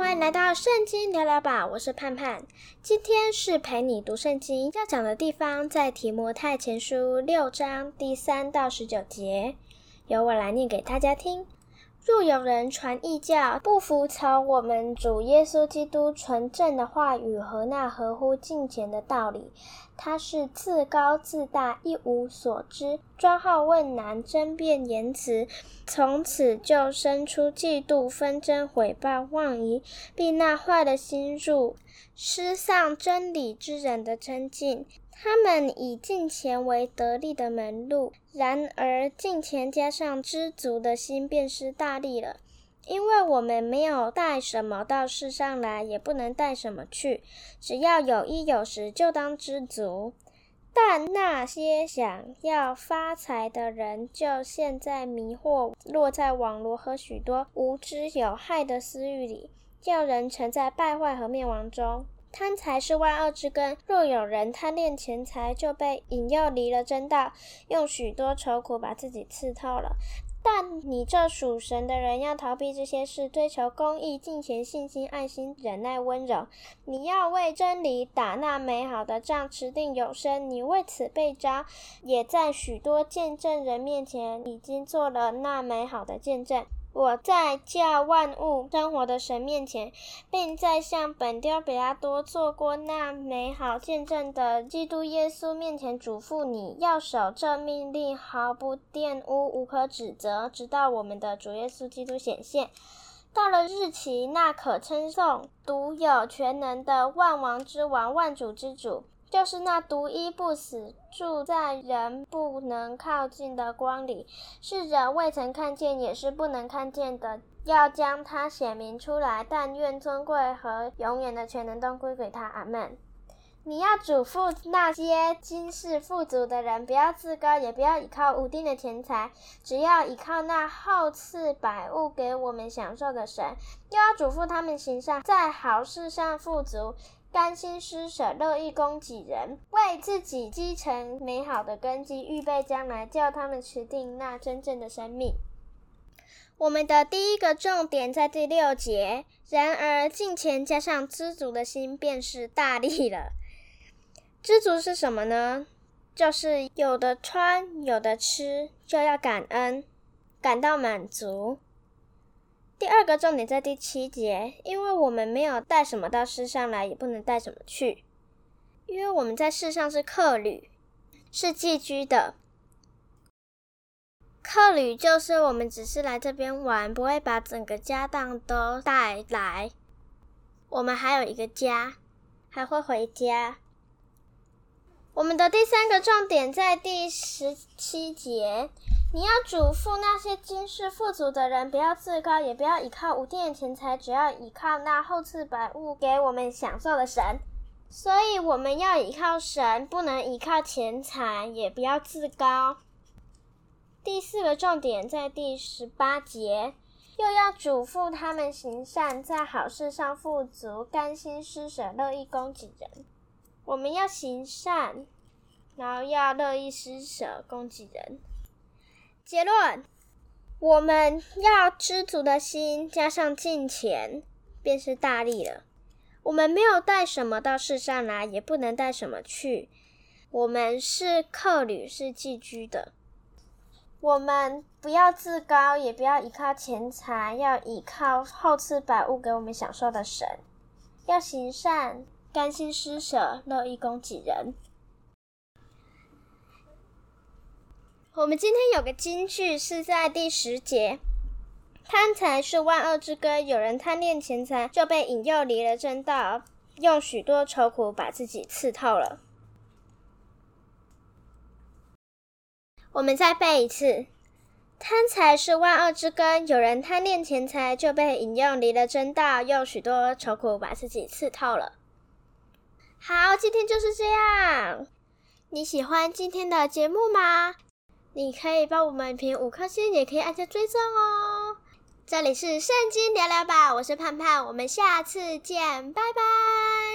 歡迎來到聖經聊聊吧，我是盼盼。今天是陪你讀聖經，要講的地方在提摩太前書六章第三到十九節，由我來念給大家聽。若有人傳異教，不服從我們主耶穌基督純正的話語和那合乎敬虔的道理，他是自高自大，一無所知，專好問難、爭辯言辭。從此就生出嫉妒、紛爭、毀謗、妄疑，並那壞的心術，失喪真理之人的爭競。他們以敬虔為得利的門路，然而敬虔加上知足的心，便是大利了。因為我們沒有帶什麼到世上來，也不能帶什麼去，只要有衣有食，就當知足。但那些想要發財的人，就陷在迷惑，落在網羅和許多無知有害的私欲裡，叫人沉在敗壞和滅亡中。貪財是萬惡之根，若有人貪戀錢財，就被引誘離了真道，用許多愁苦把自己刺透了。但你這屬神的人，要逃避這些事，追求公義，敬虔、信心、愛心、忍耐、溫柔。你要為真理打那美好的仗，持定永生。你為此被召，也在許多見證人面前已經做了那美好的見證。我在叫萬物生活的神面前，並在向本丟彼拉多做過那美好見證的基督耶穌面前囑咐你，要守這命令，毫不玷污，無可指責，直到我們的主耶穌基督顯現。到了日期，那可稱頌、獨有權能的萬王之王、萬主之主。就是那獨一不死、住在人不能靠近的光裡，是人未曾看見，也是不能看見的。要將他顯明出來，但願尊貴和永遠的權能都歸給他。阿門。你要囑咐那些今世富足的人，不要自高，也不要依靠無定的錢財，只要依靠那厚賜百物給我們享受的神。又要囑咐他們行善，在好事上富足。甘心施捨，樂意供給人，為自己積成美好的根基，預備將來叫他們持定那真正的生命。我們的第一個重點在第六節。然而，敬虔加上知足的心，便是大利了。知足是什麼呢？就是有的穿，有的吃，就要感恩，感到滿足。第二個重點，在第七節，因為我們沒有帶什麼到世上來，也不能帶什麼去，因為我們在世上是客旅，是寄居的。客旅就是我們只是來這邊玩，不會把整個家當都帶來。我們還有一個家，還會回家。我們的第三個重點在第十七節。你要囑咐那些今世富足的人，不要自高，也不要倚靠無定的錢財，只要依靠那厚賜百物給我們享受的神。所以我們要依靠神，不能依靠錢財，也不要自高。第四個重點在第十八節，又要囑咐他們行善，在好事上富足，甘心施捨，樂意供給人。我們要行善，然後要樂意施捨，供給人。結論：我們要知足的心，加上敬虔，便是大利了。我們沒有帶什麼到世上來，也不能帶什麼去。我們是客旅，是寄居的。我們不要自高，也不要倚靠錢財，要倚靠厚賜百物給我們享受的神。要行善，甘心施捨，樂意供給人。我們今天有個金句是在第十節，貪財是萬惡之根。有人貪戀錢財，就被引誘離了真道，用許多愁苦把自己刺透了。我們再背一次：貪財是萬惡之根。有人貪戀錢財，就被引誘離了真道，用許多愁苦把自己刺透了。好，今天就是這樣。你喜歡今天的節目嗎？你可以幫我們評五顆星，也可以按下追蹤哦。這裡是聖經聊聊吧，我是盼盼，我們下次見，拜拜。